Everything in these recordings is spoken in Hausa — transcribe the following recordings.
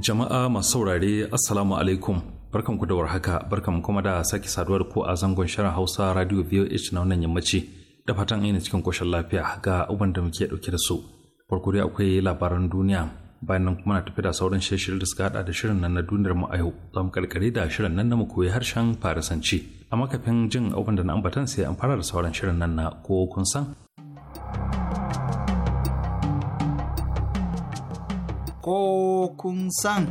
Jama'a masu saurare Assalamu alaikum barkan ku da warhaka barkan kuma da sake saduwar ku a zangon shirin Hausa Radio VOH na wannan yammaci da fatan ina cikin koshin lafiya ga uban da muke dauke da su. Farko dai akwai labaran duniya bayan nan kuma na tafi da sauran shirin da suka hada da shirin nan na duniyar mu a yau za mu karkare da shirin nan na mu koyi harshen Farisanci. Amma kafin jin uban da na ambatan sai an fara da sauran shirin nan na ko kun san ko kun san.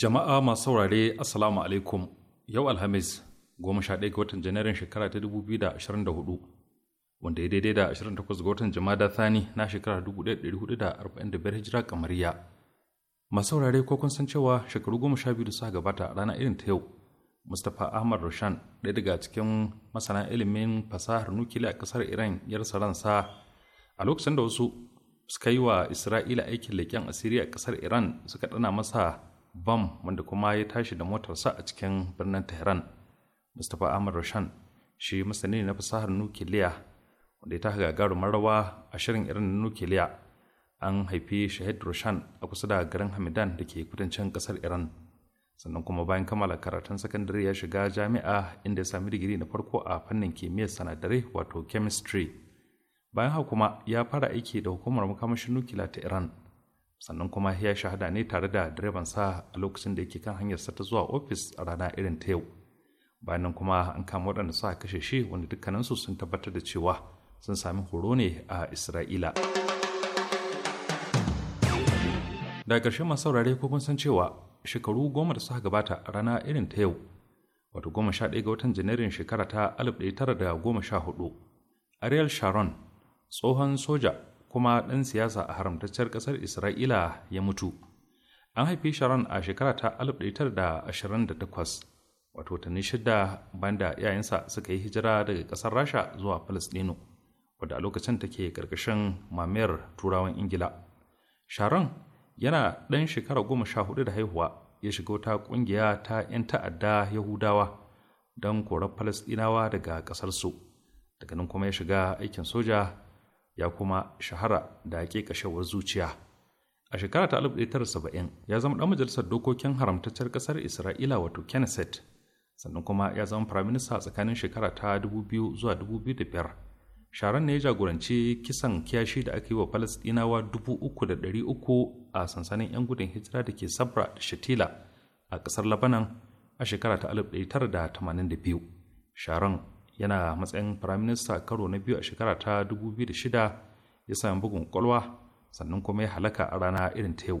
Jama'a masu saurare Assalamu alaikum yau Alhamis goma sha ɗaya ga watan Janairun shekara ta dubu biyu da ashirin da hudu wanda ya daidai da ashirin takwas ga watan Jama'a Thani na shekara dubu ɗaya da ɗari hudu da arba'in da biyar hijira ya. Masu saurare ko kun san cewa shekaru goma sha biyu da suka gabata a rana irin ta yau mustapha ahmad roshan ɗaya daga cikin masana ilimin fasahar nukiliya a ƙasar iran ya rasa ransa a lokacin da wasu suka yi wa isra'ila aikin leƙen asiri a ƙasar iran suka ɗana masa bam wanda kuma ya tashi da motarsa a cikin birnin tehran mustapha ahmad roshan shi masani na fasahar nukiliya wanda ya ta gagarumin rawa a shirin irin nukiliya an haifi shahid roshan a kusa da garin hamidan da ke kudancin ƙasar iran sannan kuma bayan kammala karatun sakandare ya shiga jami'a inda ya sami digiri na farko a fannin kimiyyar sanadarai wato chemistry bayan haka kuma ya fara aiki da hukumar makamashin nukila ta iran sannan kuma ya shahada ne tare da direban sa a lokacin da yake kan hanyarsa ta zuwa ofis a rana irin ta yau bayan nan kuma an kama waɗanda suka kashe shi wanda dukkaninsu sun tabbatar da cewa sun sami horo ne a isra'ila da ƙarshen masu saurare ko kun san cewa shekaru goma da suka gabata a rana irin ta yau wato goma sha ɗaya ga watan janairun shekara ta alif ɗaya tara da goma sha hudu ariel sharon tsohon soja kuma ɗan siyasa a haramtacciyar ƙasar isra'ila ya mutu an haifi sharon a shekara ta alif ɗaya tara da ashirin da takwas wato watanni shida bayan da iyayensa suka yi hijira daga ƙasar rasha zuwa palestino wadda a lokacin take ƙarƙashin mamayar turawan ingila sharon yana ɗan shekara goma sha hudu da haihuwa ya shiga wata ƙungiya ta 'yan ta'adda yahudawa don korar falasɗinawa daga ƙasarsu daga nan kuma ya shiga aikin soja ya kuma shahara da kashewar zuciya a shekara ta 1970 ya zama ɗan majalisar dokokin haramtaccen ƙasar isra'ila wato kenneth sannan kuma ya zama firaminista tsakanin shekara ta 2000 zuwa 2005 sharon ne ya jagoranci kisan kiyashi da aka yi wa falasɗinawa uku a sansanin 'yan gudun hijira da ke sabra da shatila a ƙasar labanan a shekara ta 1982 sharon yana matsayin firaminista karo na biyu a shekara ta 2006 ya sami bugun kwalwa sannan kuma ya halaka a rana irin ta yau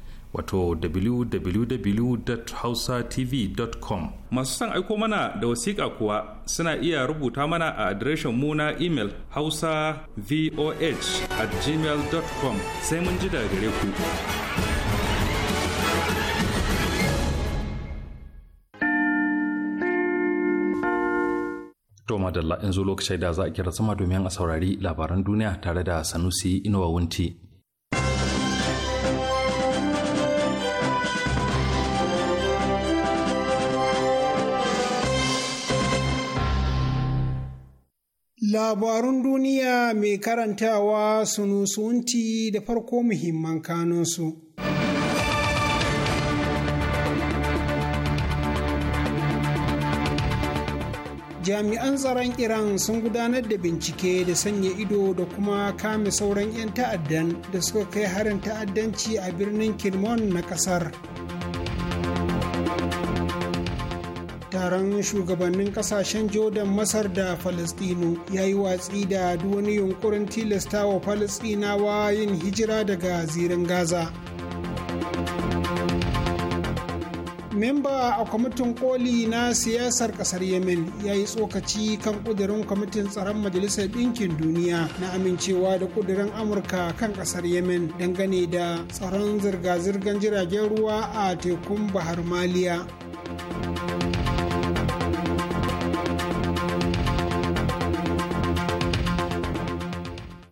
wato www.hausatv.com masu son aiko mana da wasiƙa kuwa suna iya rubuta mana a adireshin mu na imel hausa voh at gmail.com sai mun ji daga gare ku da la'in yanzu lokacin da za a kira sama domin a saurari labaran duniya tare da Sanusi Inuwa Wunti. Labarun duniya mai karantawa sunti da farko muhimman kanunsu. Jami'an tsaron Iran sun gudanar da bincike da sanya ido da kuma kame sauran 'yan ta'addan da suka kai harin ta'addanci a birnin Kilmon na kasar. taron shugabannin kasashen jordan masar da falastinu ya yi watsi da wani yunkurin tilasta wa falastinawa yin hijira daga zirin gaza memba a kwamitin koli na siyasar kasar yemen ya yi tsokaci kan kudirin kwamitin tsaron majalisar ɗinkin duniya na amincewa da kudirin amurka kan kasar yemen dangane da tsaron zirga-zirgar jiragen ruwa a tekun bahar maliya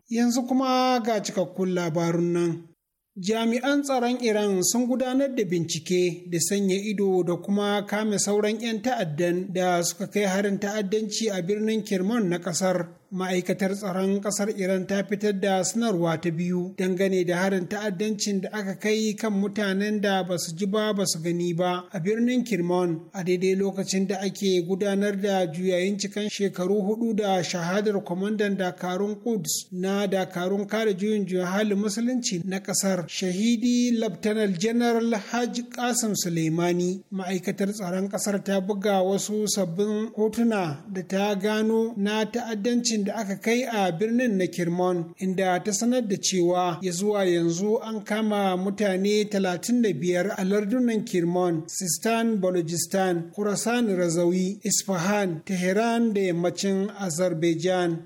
Yanzu kuma ga cikakkun labarun nan. Jami'an tsaron Iran sun gudanar da bincike da sanya ido da kuma kame sauran 'yan ta'addan da suka kai harin ta'addanci a birnin Kirman na ƙasar. ma'aikatar tsaron ƙasar iran ta fitar da sanarwa ta biyu dangane da harin ta'addancin da aka kai kan mutanen da ba su ji ba ba su gani ba a birnin kirman a daidai lokacin da ake gudanar da juyayin cikan shekaru hudu da shahadar kwamandan dakarun quds na dakarun kare juyin juyin halin musulunci na ƙasar shahidi laftanar janaral hajj kasim suleimani ma'aikatar tsaron ƙasar ta buga wasu sabbin hotuna da ta gano na ta'addancin lokacin da aka kai a birnin na Kirmon inda ta sanar da cewa ya zuwa yanzu an kama mutane 35 a lardunan Kirmon, Sistan, Balojistan, kurasan Razawi, Isfahan, teheran da yammacin Azerbaijan.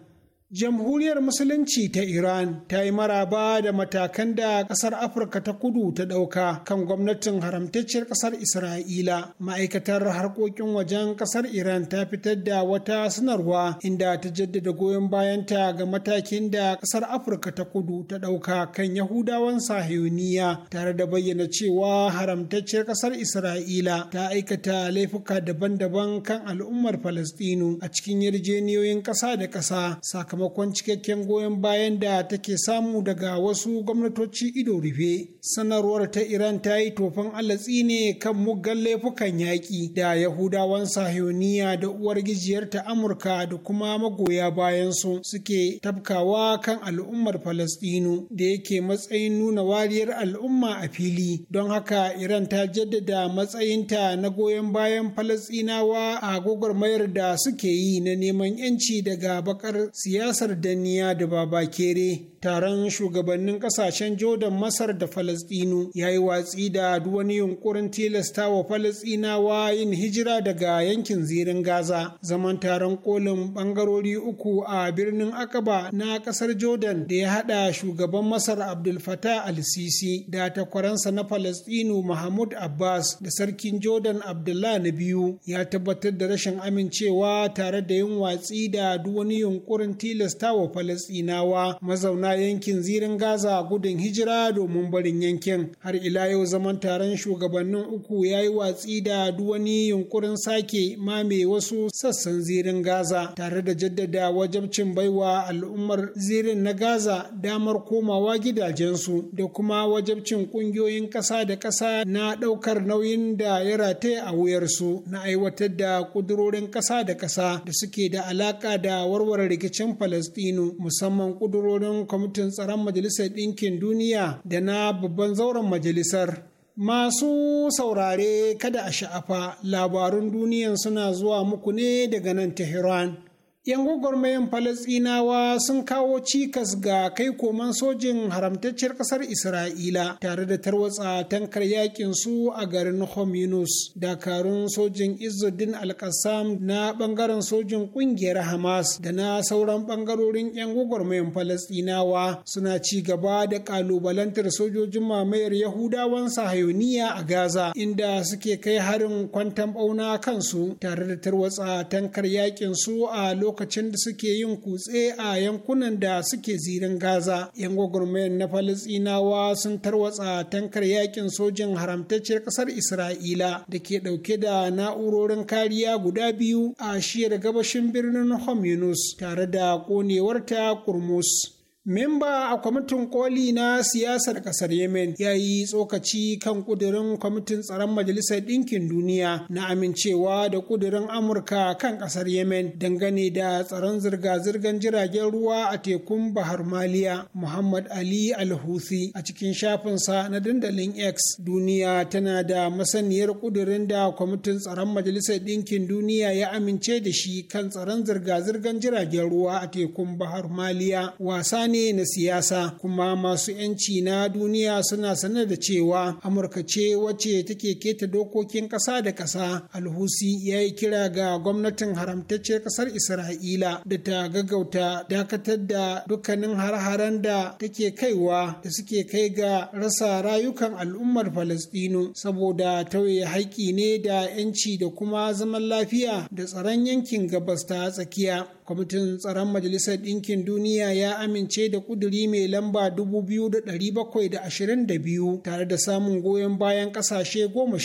Jamhuriyar Musulunci ta Iran ta yi maraba da matakan da ƙasar Afirka ta kudu ta ɗauka kan gwamnatin haramtacciyar ƙasar Isra'ila. Ma'aikatar harkokin wajen ƙasar Iran ta fitar da wata sanarwa inda ta jaddada goyon bayanta ga matakin da ƙasar Afirka ta kudu ta ɗauka kan Yahudawan Sahiyoniya tare da bayyana cewa haramtacciyar ƙasar Isra'ila ta aikata laifuka daban-daban kan al'ummar Falastinu a cikin yarjejeniyoyin ƙasa da ƙasa sakamakon sakamakon cikakken goyon bayan da take samu daga wasu gwamnatoci ido rufe sanarwar ta iran ta yi tofan alatsi ne kan muggan laifukan yaƙi da yahudawan sahioniya da uwar gijiyar ta amurka da kuma magoya bayan su suke tafkawa kan al'ummar falastinu da yake matsayin nuna wariyar al'umma a fili don haka iran ta jaddada matsayinta na goyon bayan falastinawa a gwagwarmayar da suke yi na neman 'yanci daga bakar siyasa ƙasar daniya da babakere taron shugabannin ƙasashen jordan masar da falasɗinu ya yi watsi da wani yunƙurin tilasta wa falasɗinawa yin hijira daga yankin zirin gaza zaman taron kolin bangarori uku a birnin akaba na ƙasar jordan da ya haɗa shugaban masar abdul Fattah al-sisi da takwaransa na falasɗinu mahmud abbas da sarkin jordan abdullah na biyu ya tabbatar da rashin amincewa tare da yin watsi da wani yunkurin tilasta tilasta wa falasɗinawa mazauna yankin zirin gaza gudun hijira domin barin yankin har ila yau zaman taron shugabannin uku ya yi watsi da duwani yunkurin sake mame wasu sassan zirin gaza tare da jaddada wajabcin baiwa al'ummar zirin na gaza damar komawa gidajensu da kuma wajabcin ƙungiyoyin ƙasa da ƙasa na ɗaukar nauyin da ya rataya a wuyarsu na aiwatar da ƙudurorin ƙasa da ƙasa da suke da alaƙa da warware rikicin Falastinu musamman ƙudurorin kwamitin tsaron Majalisar Ɗinkin Duniya da na babban zauren majalisar. Masu saurare kada a sha'afa labarun duniyan suna zuwa muku ne daga nan Tehran. 'yan gwagwarmayan falasɗinawa sun kawo cikas ga kai koman sojin haramtacciyar ƙasar isra'ila tare da tarwatsa tankar yakin su a garin hominus dakarun sojin izzuddin alkassam na bangaren sojin ƙungiyar hamas da na sauran bangarorin 'yan gwagwarmayan falasɗinawa suna ci gaba da ƙalubalantar sojojin mamayar yahudawan sahayoniya a gaza inda suke kai harin kwantan ɓauna kansu tare da tarwatsa tankar yakin su a lokacin lokacin da suke yin kutse a yankunan da suke zirin gaza yan gwagwarmayar na falisinawa sun tarwatsa tankar yakin sojin haramtacciyar kasar isra'ila da ke dauke da na'urorin kariya guda biyu a shiyar gabashin birnin Homs tare da konewarta kurmus Memba a kwamitin koli na siyasar Ƙasar Yemen ya yi tsokaci kan ƙudirin kwamitin tsaron Majalisar Ɗinkin Duniya na amincewa da ƙudirin Amurka kan ƙasar Yemen dangane da tsaron zirga-zirgar jiragen ruwa a tekun Bahar Maliya Muhammad Ali Alhuthi a cikin shafinsa na dandalin X duniya tana da masaniyar ƙudurin da kwamitin tsaron Majalisar Ɗinkin Duniya ya amince da shi kan tsaron zirga-zirgar jiragen ruwa a tekun Bahar Maliya wasa ne na siyasa kuma masu 'yanci na duniya suna sanar da cewa amurka ce wacce take keta dokokin ƙasa da ƙasa alhusi ya yi kira ga gwamnatin haramtacciyar ƙasar isra'ila da ta gaggauta dakatar da dukkanin har-haren da take kaiwa da suke kai ga rasa rayukan al'ummar falastinu saboda tauye haƙƙi ne da 'yanci da kuma zaman lafiya da tsaron yankin gabas ta tsakiya kwamitin tsaron majalisar ɗinkin duniya ya amince ƙarshe da kuduri mai lamba 2,722 tare da samun goyon bayan ƙasashe goma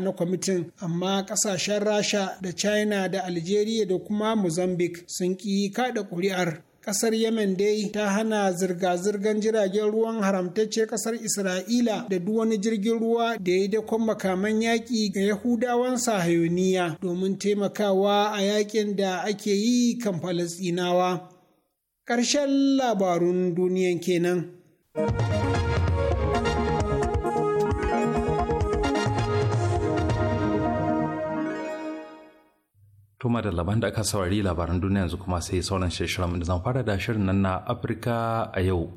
na kwamitin amma ƙasashen rasha da china da algeria da kuma mozambique sun ƙi kaɗa ƙuri'ar Ƙasar yemen dai ta hana zirga-zirgar jiragen ruwan haramtacce ƙasar isra'ila da duk wani jirgin ruwa da ya dakon makaman yaƙi ga yahudawan sahayoniya domin taimakawa a yaƙin da ake yi kan falasɗinawa Ƙarshen labarun duniyan kenan. Tuma da laban da aka saurari labaran duniya yanzu kuma sai sauran shirin da zan fara da shirin nan na Afirka a yau.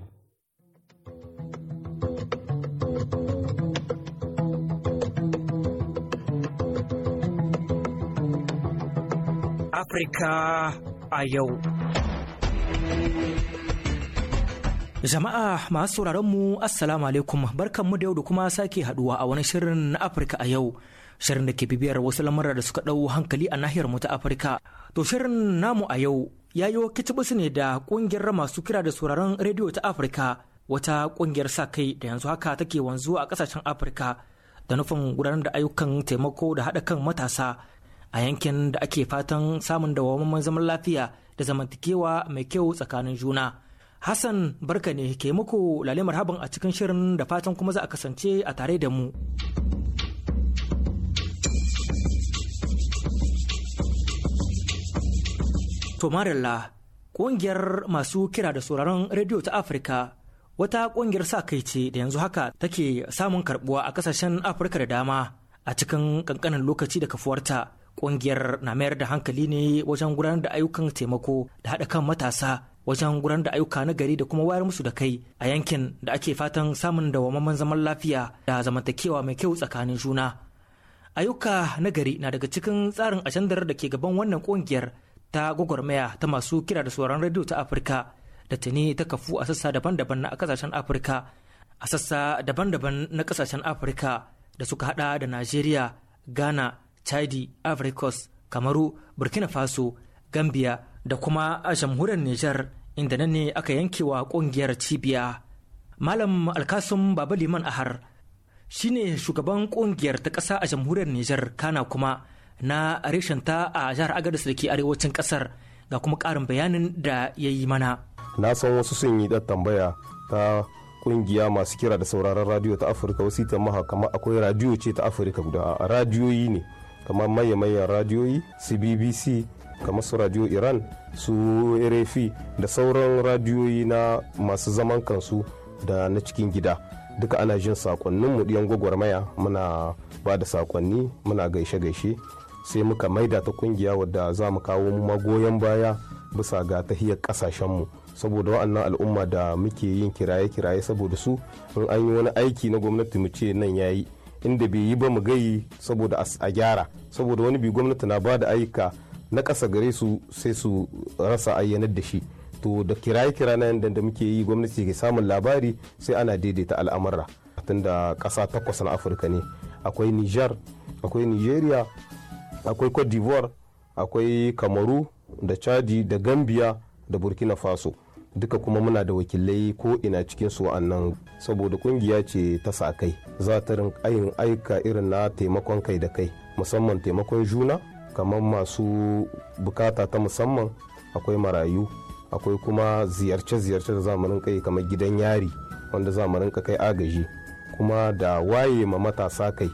Afirka a yau. Jama'a masu sauraron mu Assalamu alaikum barkanmu da yau da kuma sake haduwa a wani shirin na Afirka a yau. Shirin da ke bibiyar wasu lamura da suka ɗau hankali a nahiyar mu ta Afirka. To shirin namu a yau ya yi kicibis ne da kungiyar masu kira da sauraron rediyo ta Afirka wata kungiyar sa kai da yanzu haka take wanzuwa a kasashen Afirka da nufin gudanar da ayyukan taimako da haɗa kan matasa a yankin da ake fatan samun dawamamman zaman lafiya da zamantakewa mai kyau tsakanin juna. Hassan barka ne ke muku lalimar habin a cikin shirin da fatan kuma za a kasance a tare da mu. Tomarilla, ƙungiyar masu kira da sauraron rediyo ta Afirka wata ƙungiyar sa kai ce da yanzu haka take samun karbuwa a ƙasashen Afirka da dama a cikin ƙanƙanin lokaci da kafuwarta. Ƙungiyar na mayar da hankali ne wajen gudanar da ayyukan taimako da haɗa kan matasa wajen gudanar da ayyuka na gari da kuma wayar musu da kai a yankin da ake fatan samun dawwammamen zaman lafiya da zamantakewa mai kyau tsakanin juna. Ayyuka na gari na daga cikin tsarin ajandar da ke gaban wannan ƙungiyar ta gwagwarmaya ta masu kira da sauran rediyo ta Afirka da tuni ta kafu a sassa daban-daban na kasashen Afirka a sassa daban-daban na kasashen Afirka da suka haɗa da Najeriya, Ghana, chadi Coast, kamaru burkina faso gambia da kuma a jamhuriyar niger inda nan ne aka yankewa kungiyar cibiya malam alkasum baba liman ahar shine shugaban kungiyar ta ƙasa a jamhuriyar niger kana kuma na reshenta a jihar agadis da ke arewacin ƙasar ga kuma ƙarin bayanin da ya yi mana na san wasu sun yi tambaya ta kungiya masu kira da sauraron radiyo ta afirka wasu ita maha kama akwai radiyo ce ta afirka guda a radiyoyi ne kamar maye manyan radiyoyi su bbc kamar su radio iran su rfi da sauran radiyoyi na masu zaman kansu da na cikin gida duka ana jin sakonnin mu ɗiyan gwagwarmaya muna ba da sakonni muna gaishe-gaishe sai muka maida ta kungiya wadda za mu kawo mu magoyan baya bisa ga tahiyar kasashenmu saboda wa'annan al'umma da muke yin kiraye-kiraye saboda su in an yi wani aiki na gwamnati mu ce nan yayi inda bai yi ba mu gayi saboda a gyara saboda wani bi gwamnati na ba da ayyuka na ƙasa gare su sai su rasa ayyanar da shi to da kiraye na da muke yi gwamnati ke samun labari sai ana daidaita al'amura tunda ƙasa takwas na afirka ne akwai niger akwai nigeria akwai cote d'ivoire akwai kamaru da chadi da gambia da burkina faso duka kuma muna da wakilai ko ina cikin su wa'annan saboda kungiya ce ta sa kai za ta ayin aika irin na taimakon kai da kai musamman taimakon juna kamar masu bukata ta musamman akwai marayu akwai kuma ziyarce-ziyarce da zamanin kai kamar gidan yari wanda zamanin ka kai agaji kuma da waye ma matasa kai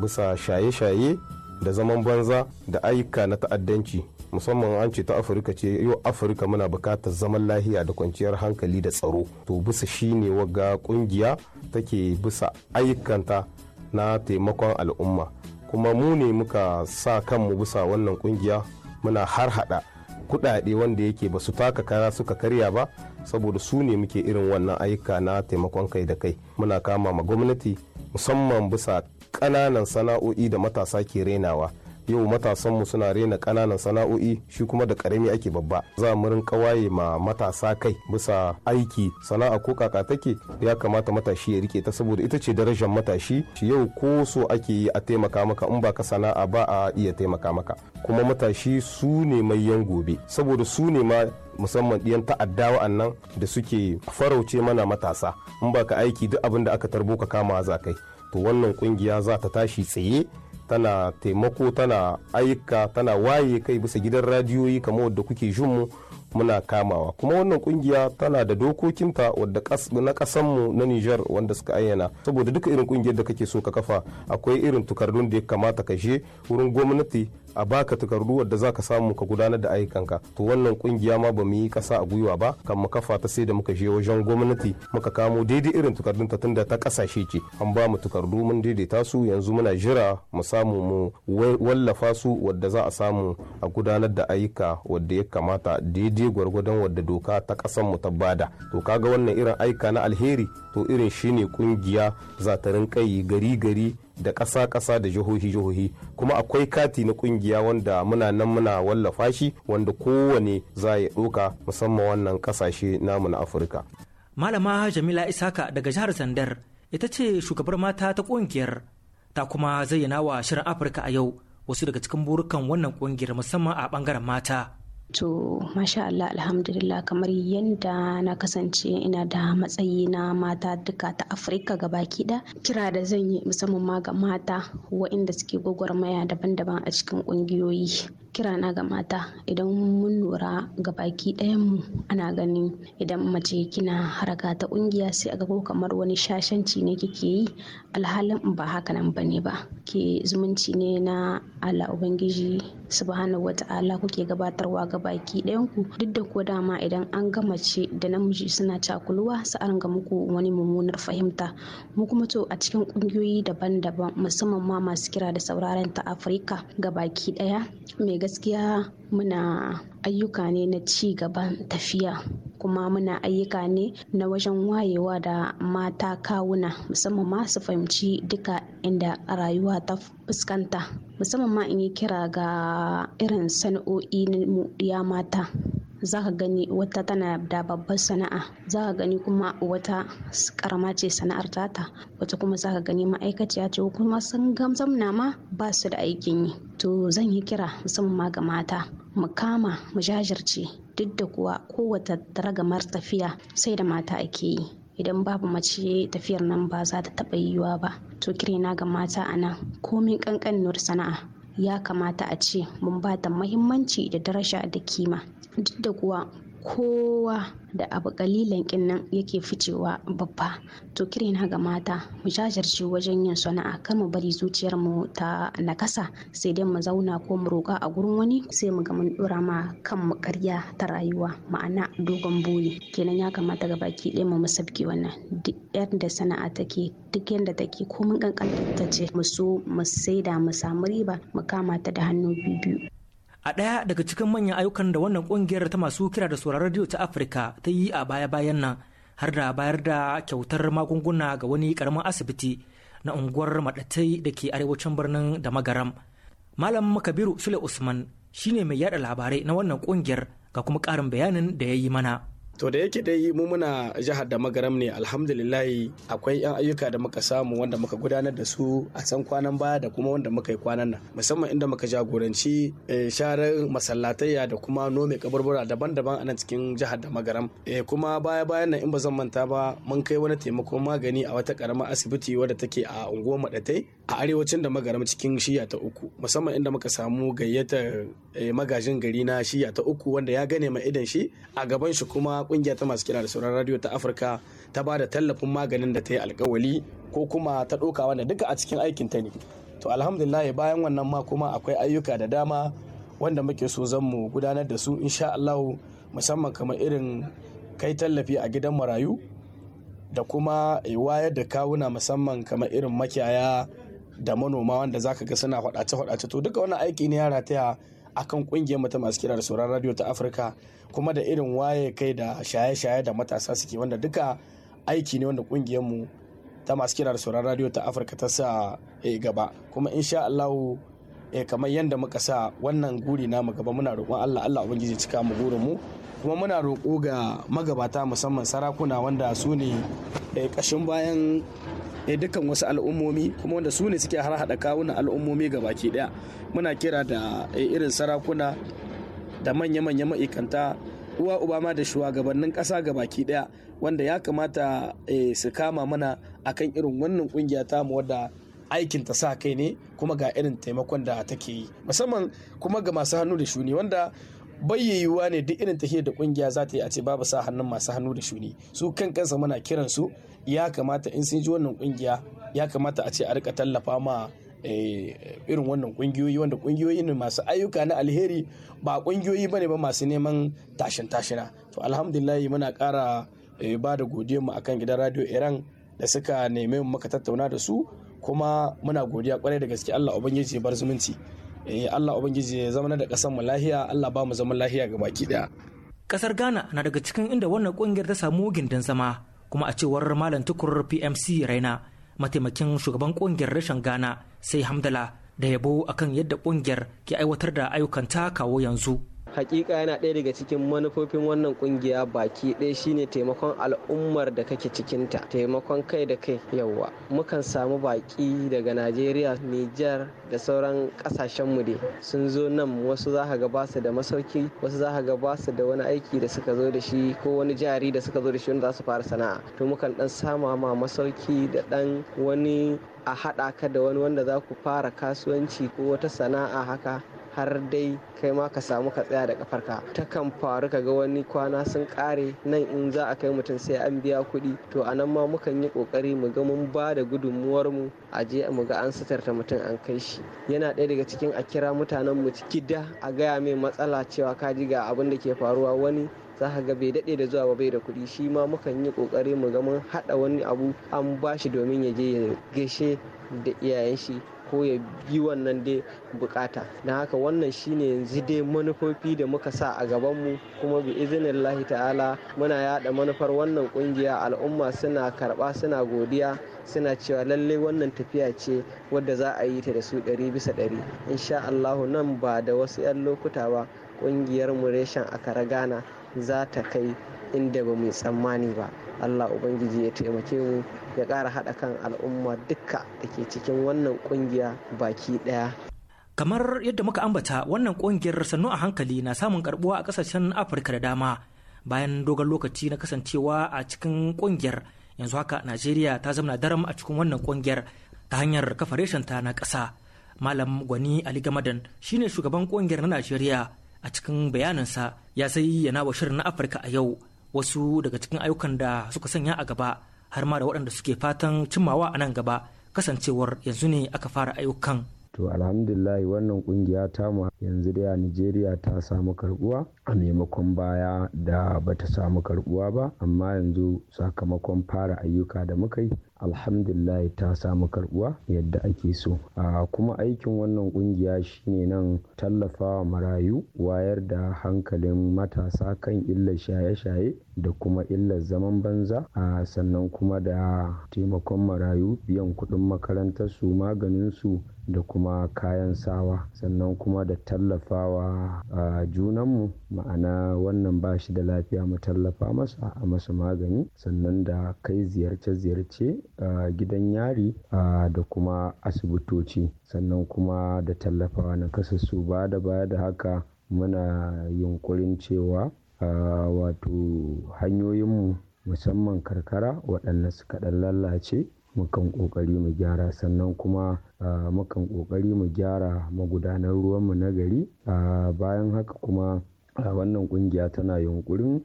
bisa shaye-shaye da zaman banza da aika na ta'addanci musamman an ce ta afirka ce yau afirka muna bukatar zaman lahiya da kwanciyar hankali da tsaro to bisa shine wagga kungiya take bisa ayyukanta na taimakon al'umma kuma mu ne muka sa kanmu bisa wannan kungiya muna har hada kudade wanda yake ba su taka kara suka karya ba saboda su ne muke irin wannan ayyuka na taimakon kai da kai muna kama ma gwamnati musamman bisa ƙananan sana'o'i da matasa ke renawa yau matasanmu suna rena ƙananan sana'o'i shi kuma da ƙarami ake babba za mu rinka waye ma matasa kai bisa aiki sana'a ko kaka take ya kamata matashi ya rike ta saboda ita ce darajar matashi yau ko so ake yi a taimaka maka in baka sana'a ba a iya taimaka maka kuma matashi su ne mai yan gobe saboda su ne ma musamman ɗiyan ta'adda wa'annan da suke farauce mana matasa in ba ka aiki duk abin da aka tarbo ka kama za kai to wannan kungiya za ta tashi tsaye tana taimako tana aika tana waye kai bisa gidan radiyoyi kamar wadda kuke jin mu muna kamawa kuma wannan kungiya tana da dokokinta wadda na kasanmu na Nijar wanda suka ayyana saboda duka irin kungiyar da kake so ka kafa akwai irin tukardun da ya kamata ka je wurin gwamnati a baka takardu wadda zaka samu ka gudanar da ayyukanka to wannan kungiya ma ba mu yi kasa a gwiwa ba kan mu kafa ta sai da muka je wajen gwamnati muka kamo daidai irin takardun ta tunda ta kasashe ce an ba mu takardu mun daidaita su yanzu muna jira mu samu mu wallafa su wadda za a samu a gudanar da ayyuka wadda ya kamata daidai gwargwadon wadda doka ta kasan mu ta bada to kaga wannan irin ayyuka na alheri to irin shine kungiya za ta rinka gari gari da ƙasa-ƙasa da jihohi-jihohi kuma akwai kati na ƙungiya wanda muna nan muna wallafa shi wanda kowane za ya ɗoka musamman wannan ƙasashe namu na afirka malama jamila isaka daga jihar zandar ita ce shugabar mata ta ƙungiyar ta kuma zayyana wa shirin afirka a yau wasu daga cikin burukan wannan ƙungiyar musamman a ɓangaren mata To, masha Allah alhamdulillah kamar yadda na kasance ina da matsayi na mata duka ta Afirka baki da kira da zan yi musamman ma ga mata wa'inda suke gwagwarmaya daban-daban a cikin ƙungiyoyi kirana ga mata idan mun lura ga baki mu ana ganin idan mace kina haraka ta ƙungiya sai aga ko kamar wani shashanci ne kike yi alhalin ba hakanan nan ba ba ke zumunci ne na Allah Ubangiji subhanahu wata'ala kuke gabatarwa ga baki ku duk da ko dama idan an ga mace da namiji suna cakuluwa su an ga muku wani mummunar fahimta mu kuma to a cikin ƙungiyoyi daban-daban musamman ma masu kira da sauraron ta Afirka ga baki ɗaya mai gaskiya muna ayyuka ne na ci gaban tafiya kuma muna ayyuka ne na wajen wayewa da mata kawuna musamman ma su fahimci duka inda rayuwa ta fuskanta musamman ma in yi kira ga irin sana'o'i na ya mata za ka gani wata tana da babbar sana'a za ka gani kuma wata karama ce sana'ar tata wata kuma za ka gani ma'aikaciya ce kuma sun gamzamna ma ba su da aikin yi to zan yi kira musamman ma ga mata mu kama mu jajirce duk da kuwa kowace ragamar tafiya sai da mata ake yi idan babu mace tafiyar nan ba za ta taɓa yiwuwa ba to kirina ga mata a nan komin ƙanƙanuwar sana'a ya kamata a ce mun ba ta muhimmanci da darasha da kima duk da kuwa kowa da abu kalilan ƙin nan yake ficewa babba to kiri na ga mata mu jajirce wajen yin sana'a kar mu bari zuciyar mu ta nakasa sai dai mu zauna ko mu roƙa a gurin wani sai mu ga mun dora ma kan mu ƙarya ta rayuwa ma'ana dogon buri kenan ya kamata ga baki ɗaya mu musabki wannan duk yadda sana'a take duk yadda take ko mun ta ce mu so mu saida mu samu riba mu kama ta da hannu biyu a ɗaya daga cikin manyan ayyukan da wannan ƙungiyar ta masu kira da sauraron radio ta afirka ta yi a baya-bayan nan har da bayar da kyautar magunguna ga wani ƙaramin asibiti na unguwar maɗatai da ke arewacin birnin da magaram malam kabiru sule usman shine mai yada labarai na wannan ƙungiyar ga kuma ƙarin bayanin da ya yi mana to da yake dai mu muna jihar da magaram ne lillahi akwai yan ayyuka da muka samu wanda muka gudanar da su a san kwanan baya da kuma wanda muka yi kwanan nan musamman inda muka jagoranci eh, sharar masallatayya da kuma nome kaburbura daban-daban a nan cikin jihar da magaram eh, kuma baya bayan nan in ba zan manta ba mun kai wani taimakon magani a wata karamar asibiti wadda take a unguwar madatai a arewacin da magaram cikin shiya ta uku musamman inda muka samu gayyatar eh, magajin gari na shiya ta uku wanda ya gane ma idan shi a gaban shi kuma kungiya ta masu kira da sauran radio ta afirka ta ba da tallafin maganin da ta yi alkawali ko kuma ta ɗauka wanda duka a cikin aikin ta ne to alhamdulillah bayan wannan ma kuma akwai ayyuka da dama wanda muke so zan mu gudanar da su insha Allah musamman kamar irin kai tallafi a gidan marayu da kuma eh, wayar da kawuna musamman kamar irin makiyaya da manoma wanda zaka ga suna faɗace faɗace to duka wani aiki ne ya rataya akan kungiyar mata masu kira da sauran radio ta afirka kuma da irin waye kai da shaye-shaye da matasa suke wanda duka aiki ne wanda kungiyar mu ta masu kira da sauran radio ta afirka ta sa eh, gaba kuma insha allahu eh, kamar yadda muka sa wannan guri namu gaba muna roƙon allah allah ubangiji cika mu gurin mu kuma muna roƙo ga magabata musamman sarakuna wanda su ne eh, ƙashin bayan eh, dukkan wasu al'ummomi kuma wanda su ne suke har haɗa kawunan al'ummomi ga baki ɗaya muna kira da eh, irin sarakuna da manya-manya ma'aikanta uwa uba ma da shugabannin ƙasa ga baki ɗaya wanda ya kamata su kama mana akan irin wannan ƙungiya ta mu wadda aikin ta sa kai ne kuma ga irin taimakon da take yi musamman kuma ga masu hannu da shuni wanda bayyayiwa ne duk irin tahiyar da kungiya za ta yi a ce babu sa hannun masu hannu da shuni su kan kansa muna kiran su ya kamata in sun ji wannan kungiya ya kamata a ce a rika tallafa ma eh, irin wannan kungiyoyi wanda kungiyoyi ne masu ayyuka na alheri ba kungiyoyi ne ba masu neman tashin tashina to alhamdulillah muna kara eh, ba da godiya mu akan gidan radio Iran da suka neme mu muka tattauna da su kuma muna godiya kwarai da gaske Allah ubangiji bar zumunci eh Allah ubangiji ya zama da kasar mu lahiya Allah ba mu zama lahiya ga baki daya Ƙasar Ghana na daga cikin inda wannan ƙungiyar ta samu gindin zama kuma a cewar malam tukur PMC Raina mataimakin shugaban ƙungiyar rashin Ghana sai Hamdala da yabo akan yadda ƙungiyar ke aiwatar da ayyukanta kawo yanzu hakika yana ɗaya daga cikin manufofin wannan kungiya baki ɗaya shine taimakon al'ummar da kake cikinta taimakon kai da kai yawa mukan samu baki daga najeriya niger da sauran ƙasashen mu dai sun zo nan wasu za ga ba su da masauki wasu za ga ba su da wani aiki da suka zo da shi ko wani jari da suka zo da shi wanda za su fara sana'a to mukan dan sama ma masauki da dan wani a haɗa ka da wani wanda za ku fara kasuwanci ko wata sana'a haka har dai kai ma ka samu ka tsaya da kafarka takan faru ka ga wani kwana sun kare nan in za a kai mutum sai an biya kuɗi to a nan ma mukan yi kokari mu ga mun ba da gudunmuwar mu a je mu ga an sitarta mutum an kai shi yana ɗaya daga cikin a kira mutanen mu da a gaya mai matsala cewa ka ji ga abin da ke faruwa wani za ka ga bai daɗe da zuwa ba bai da kuɗi shi ma mukan yi ƙoƙari mu ga mun haɗa wani abu an ba shi domin ya je ya gaishe da iyayen shi ko ya bi wannan dai bukata don haka wannan shine yanzu dai manufofi da muka sa a gaban mu kuma bi izinin lahi ta'ala muna yada manufar wannan kungiya al'umma suna karba suna godiya suna cewa lallai wannan tafiya ce wadda za a yi ta da su ɗari bisa ɗari insha allahu nan ba da wasu 'yan lokuta ba kungiyar mu reshen akara ghana za ta kai inda ba mu tsammani ba allah ubangiji ya taimake mu ya kara haɗa kan al'umma dukka da ke cikin wannan ƙungiya baki ɗaya kamar yadda muka ambata wannan ƙungiyar sannu a hankali na samun karbuwa a ƙasashen afirka da dama bayan dogon lokaci na kasancewa a cikin ƙungiyar yanzu haka najeriya ta zama daram a cikin wannan ƙungiyar ta hanyar kafa ta na ƙasa malam gwani ali gamadan shi ne shugaban ƙungiyar na najeriya a cikin bayaninsa ya sai yana wa shirin na afirka a yau wasu daga cikin ayyukan da suka sanya a gaba har ma da waɗanda suke fatan cimmawa a nan gaba kasancewar yanzu ne aka fara ayyukan to alhamdulillah wannan kungiya ta mu yanzu da nigeria ta samu karbuwa a maimakon baya da bata samu karbuwa ba amma yanzu sakamakon fara ayyuka da muka yi alhamdulillah ta samu karbuwa yadda ake so a kuma aikin wannan kungiya shine nan tallafawa marayu wayar da hankalin matasa kan illar shaye-shaye da kuma illar zaman banza a sannan kuma da taimakon marayu biyan kuɗin makarantar su maganin su da kuma kayan sawa sannan kuma da tallafawa a junanmu ma'ana wannan ba shi da lafiya mu tallafa masa a masa magani sannan da kai ziyarce-ziyarce gidan yari da kuma asibitoci sannan kuma da tallafawa na kasassu ba da baya da haka muna yunkurin cewa wato hanyoyinmu musamman karkara waɗanda suka ɗan lallace mukan ƙoƙari mu gyara sannan kuma mukan ƙoƙari mu gyara magudanar ruwanmu na gari bayan haka kuma wannan ƙungiya tana yunkurin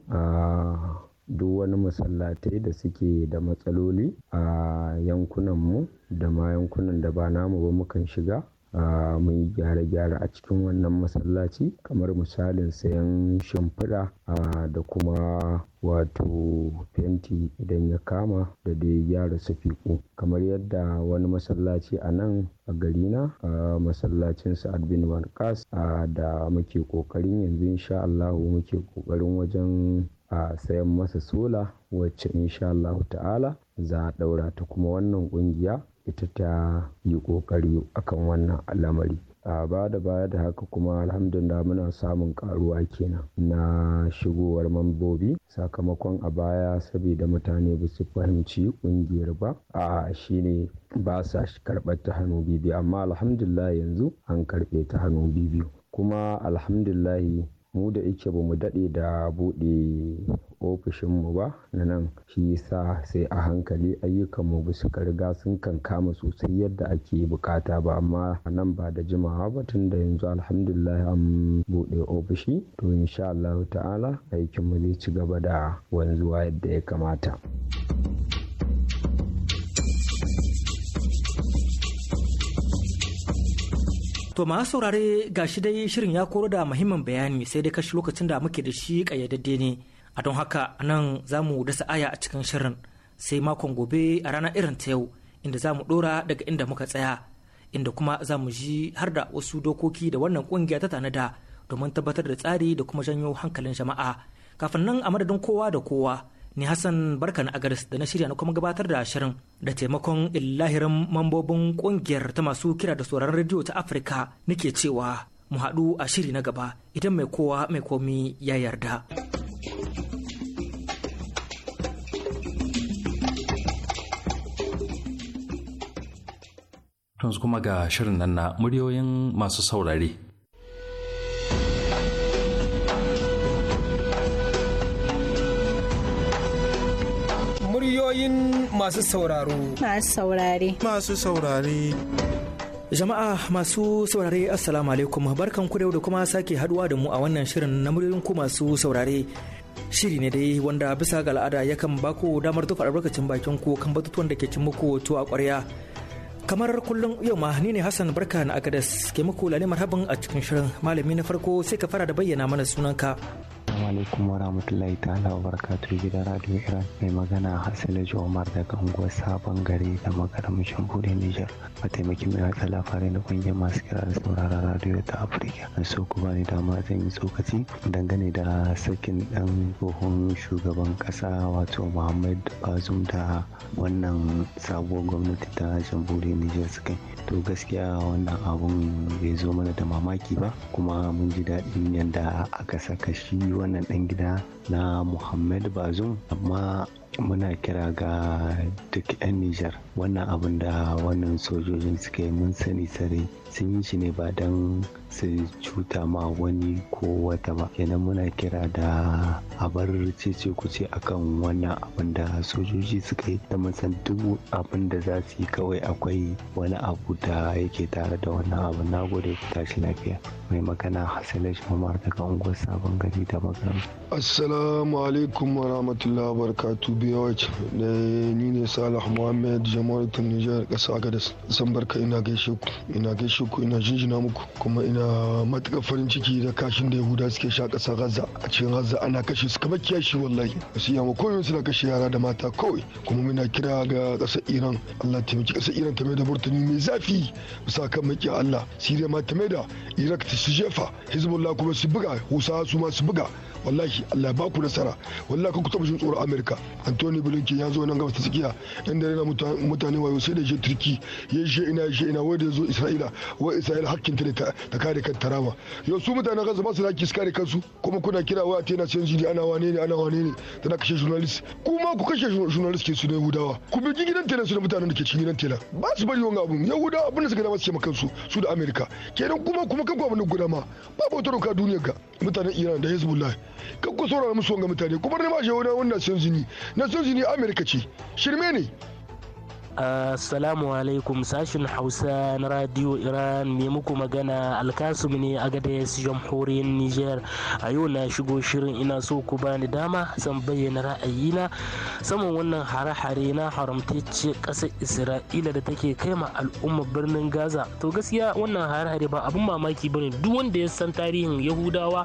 duk wani masallatai da suke da matsaloli a yankunan mu da ma yankunan da ba namu ba mukan shiga mun yi gyara gyara a cikin wannan masallaci kamar misalin sayan shimfiɗa da kuma wato fenti idan ya kama da dai gyara sufiku kamar yadda wani masallaci a nan a garina a masallacin sa'ad bin warkas da muke ƙoƙarin yanzu insha Allahu muke ƙoƙarin wajen a sayan masa sola wacce insha Allah ta'ala za a ɗaura ta kuma wannan ƙungiya ita ta yi ƙoƙari akan wannan al'amari a ba da baya da haka kuma alhamdulillah muna samun karuwa kenan na shigowar mambobi sakamakon a baya saboda mutane ba su fahimci kungiyar ba a shine ba sa karɓar ta hannu biyu-biyu, amma alhamdulillah yanzu an karɓe ta hannu bibiyu kuma alhamdulillah mu da ike ba mu daɗe da buɗe ofishinmu ba na nan shi sa sai a hankali ayyukanmu ba su riga sun kan kama sosai yadda ake bukata ba amma nan ba da jimawa ba tun da yanzu alhamdulillah an buɗe ofishi to insha Allah ta'ala aikinmu zai ci gaba da wanzuwa yadda ya kamata. To masu saurare ga shi dai shirin ya koro da muhimmin bayani sai dai kashi lokacin da muke da shi kayyadadde ne. A don haka nan za mu dasa aya a cikin shirin sai makon gobe a rana irin ta yau inda za mu dora daga inda muka tsaya inda kuma za mu ji har da wasu dokoki da wannan kungiya ta tanada domin tabbatar da tsari da kuma janyo hankalin jama'a. Kafin nan a madadin kowa da kowa ni Hassan barka na agaris da na shirya na kuma gabatar da shirin da taimakon illahirin mambobin kungiyar ta masu kira da sauraron rediyo ta Afirka nake cewa mu haɗu a shiri na gaba idan mai kowa mai komi ya yarda. Tunzu kuma ga shirin nan na muryoyin masu saurari. ra'ayoyin masu sauraro. Masu saurare. Masu saurare. Jama'a masu saurare Assalamu alaikum barkan ku da kuma sake haduwa da mu a wannan shirin na muryoyin masu saurare. Shiri ne dai wanda bisa ga al'ada yakan baku damar tufa albarkacin bakin ku kan batutuwan da ke cin muku to a ƙwarya. Kamar kullum yau ma ni ne Hassan Barka na Agadas ke muku lalimar habin a cikin shirin malami na farko sai ka fara da bayyana mana sunanka. Assalamu alaikum wa rahmatullahi ta'ala wa barakatuhu gidan radiyo Iran mai magana Hassan Omar daga unguwar Sabon Gari da makaramshin bude Nijar mataimakin mai watsa labarai na kungiyar masu kira da sauraron radiyo ta Afirka. An so ku bani dama zan yi tsokaci dangane da sakin dan tsohon shugaban kasa wato Muhammad Bazum da wannan sabuwar gwamnati ta jamhuriyar Nijar suka To gaskiya wannan abun bai zo mana da mamaki ba kuma mun ji daɗin yadda aka saka shi wannan wannan ɗan gida na muhammad bazum amma muna kira ga duk 'yan Nijar wannan abun da wannan sojojin suka yi mun sani sare sun yi shi ne ba don su cuta ma wani ko wata ba kenan muna kira da a bar cece kuce akan wannan abin da sojoji suka yi da musan duk abin da za su yi kawai akwai wani abu da yake tare da wannan abu na gode ku tashi lafiya mai magana hasalash mamar daga unguwar sabon gari da magana assalamu alaikum wa rahmatullahi wa barakatu biyawac da ni ne salih muhammad jamhuriyar nijar kasa gadas san barka ina gaishe ku ina gaishe ku ina jinjina muku kuma ina da matukar farin ciki da kashin da yahuda suke sha kasar gaza a cikin gaza ana kashe su kamar shi wallahi su yamma koyon suna kashe yara da mata kawai kuma muna kira ga ƙasar iran allah taimaki kasar iran ta mai da burtani mai zafi sa kan maki allah siriya ma ta mai da iraq ta su jefa hezbollah kuma su buga husa su ma su buga wallahi Allah ba ku nasara wallahi ku taɓa tsoro Amerika Anthony Blinken ya zo nan gabas ta tsakiya inda yana mutane wayo sai da je Turki ya je ina ya ina wai da zo Isra'ila wai Isra'ila hakkin ta ta kare kan tarama yau su mutanen Gaza ba su da su kare kansu kuma kuna kira waya tana canji ne ana wane ne ana wane ne tana kashe journalist kuma ku kashe journalist ke su ne Yahudawa ku bi gidan tela su da mutanen da ke cikin gidan tela ba su bari wani abu Yahudawa abin da suka dama su ce kansu su da Amerika kenan kuma kuma kan ku abin da gudama ma ba bautar ka duniyar ga mutanen Iran da Hezbollah kan ku saurara musu wanga mutane kuma ne ma shi wani wannan sun zini na sun zini amerika ce shirme ne Assalamu alaikum sashin Hausa na Radio Iran mai muku magana Alkasum ne a gadayas jamhuriyar Nijar. A yau na shigo shirin ina so ku bani dama zan bayyana ra'ayina saman wannan hare-hare na haramtacce ƙasar Isra'ila da take kai ma al'ummar birnin Gaza. To gaskiya wannan hare-hare ba abin mamaki bane duk wanda ya san tarihin Yahudawa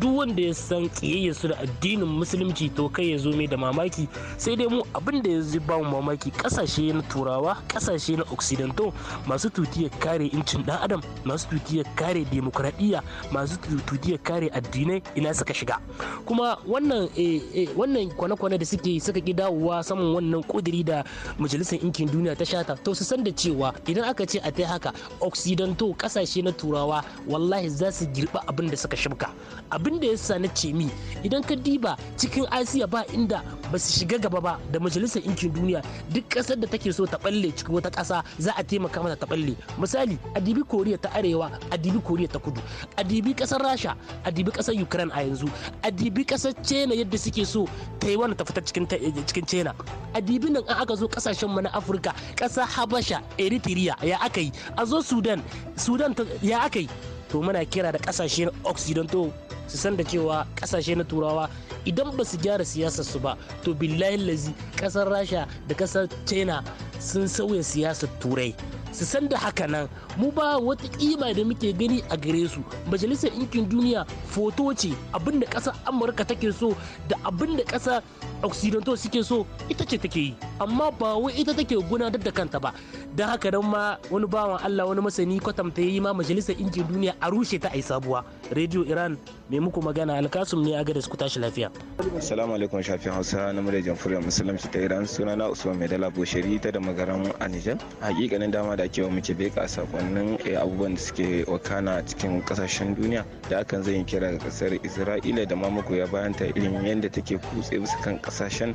duk wanda ya san su da addinin musulunci to kai ya zo mai da mamaki sai dai mu abin da ya ba mamaki ƙasashe na turawa kasashe na occidental masu tutiyar kare incin dan adam masu tutiyar kare demokradiyya masu tutiyar kare addinai ina suka shiga kuma wannan eh, eh, wannan kwane-kwane da suke suka ki dawowa saman wannan kudiri da majalisar inkin duniya ta shata to su san da cewa idan aka ce a ta haka occidental kasashe na turawa wallahi za su girba abin da suka shibka abin da yasa na ce mi idan ka diba cikin asiya ba inda ba su shiga gaba ba da majalisar inkin duniya duk kasar da take so ta balle cikin wata ƙasa za a taimaka mata ta balle misali a dibi koriya ta arewa a dibi koriya ta kudu a dibi ƙasar rasha a dibi ƙasar ukraine a yanzu a dibi ƙasar china yadda suke so taiwan ta fita cikin cikin china a dibi nan an aka zo ƙasashen mu na afirka ƙasar habasha eritrea ya aka yi a zo sudan sudan ya aka yi to muna kira da kasashe na occidental su san da cewa kasashe na turawa idan ba su gyara siyasar su ba to billahi lazi kasar rasha da kasar china sun sauya siyasar turai su san da haka nan mu ba wata kima da muke gani a gare su majalisar ɗinkin duniya foto ce abinda ƙasar amurka take so da abinda kasar occidental suke so ita ce take yi amma ba wai ita take gudanar da kanta ba da haka nan ma wani bawan Allah wani masani kwatamta yi ma majalisar injin duniya a rushe ta a sabuwa radio iran mai muku magana alkasum ne a gada ku tashi lafiya assalamu alaikum shafin hausa na murya jamhuriyar musulunci ta iran suna na usman mai dala bosheri ta da magaran a nijar hakikanin dama da ake wa muke beka sakonnin eh, abubuwan da suke wakana cikin kasashen duniya da hakan zai kira ga kasar isra'ila da ma magoya bayan ta irin yadda take kutse bisa kan session